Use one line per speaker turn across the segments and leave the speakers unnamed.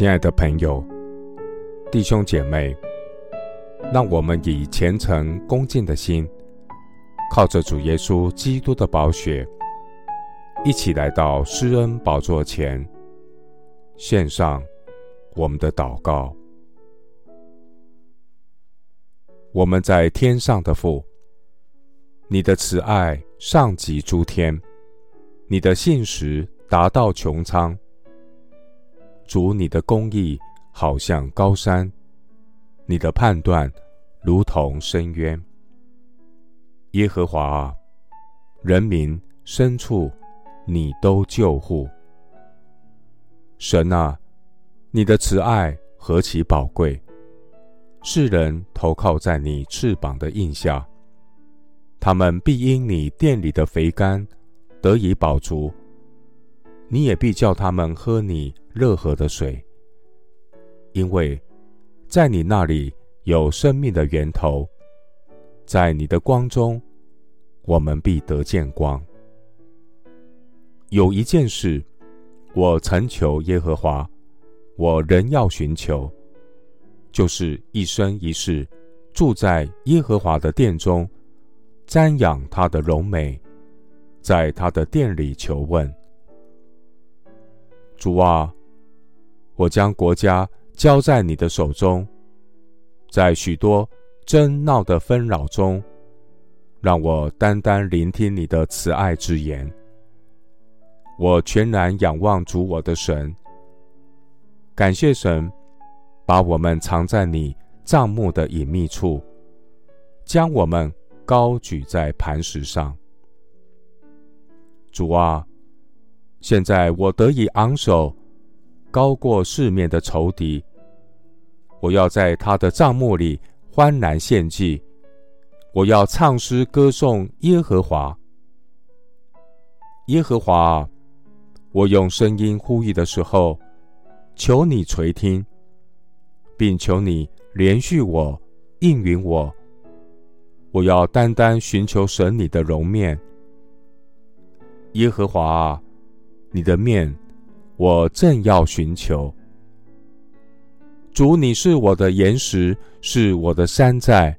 親愛的朋友、弟兄姐妹，讓我們以虔誠恭敬的心，靠着主耶穌基督的寶血，一起來到施恩寶座前，獻上我們的禱告。我們在天上的父，你的慈愛上及諸天，你的信實達到穹蒼。主，你的公義好像高山，你的判斷如同深淵。耶和華啊，人民深處你都救護。神啊，你的慈愛何其寶貴！世人投靠在你翅膀的蔭下，他們必因你殿裡的肥甘得以飽足。你也必叫他們喝你樂河的水，因為，在你那裡有生命的源頭，在你的光中，我們必得見光。有一件事，我曾求耶和華，我仍要尋求，就是一生一世住在耶和華的殿中，瞻仰他的榮美，在他的殿裡求問。主啊，我將國家交在你的手中，在許多爭鬧的紛擾中，讓我單單聆聽你的慈愛之言。我全然仰望主，我的神。感謝神，把我們藏在你帳幕的隱祕處，將我們高舉在磐石上。主啊。現在我得以昂首，高過四面的仇敵。我要在他的帳幕裡歡然獻祭，我要唱詩歌頌耶和華。耶和華，我用聲音呼籲的時候，求你垂聽，並求你連續我，應允我。我要單單尋求神你的容面。耶和華你的面，我正要尋求。主，你是我的岩石，是我的山寨。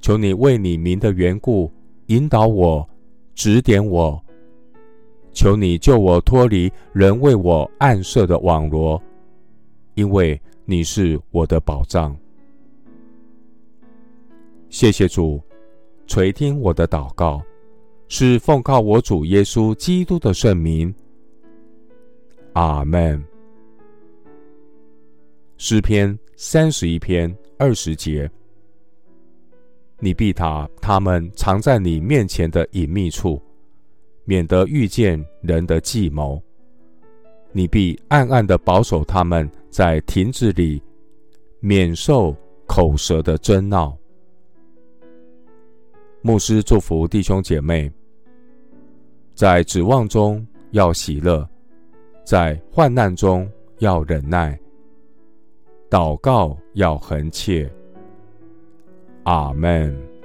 求你為你名的緣故引導我，指點我。求你救我脫離人為我暗設的網羅，因為你是我的保障。謝謝主，垂聽我的禱告。是奉靠我主耶穌基督的聖名。阿門。詩篇三十一篇二十節：你必把他們藏在你面前的隱密處，免得遇見人的計謀；你必暗暗的保守他們在亭子裡，免受口舌的爭鬧。牧師祝福弟兄姐妹，在指望中要喜樂，在患難中要忍耐，禱告要恆切。阿門。